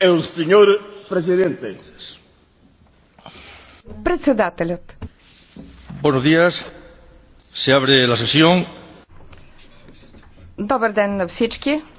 El señor presidente. Председателят. Buenos días. Се abre la sesión. Добър ден на всички.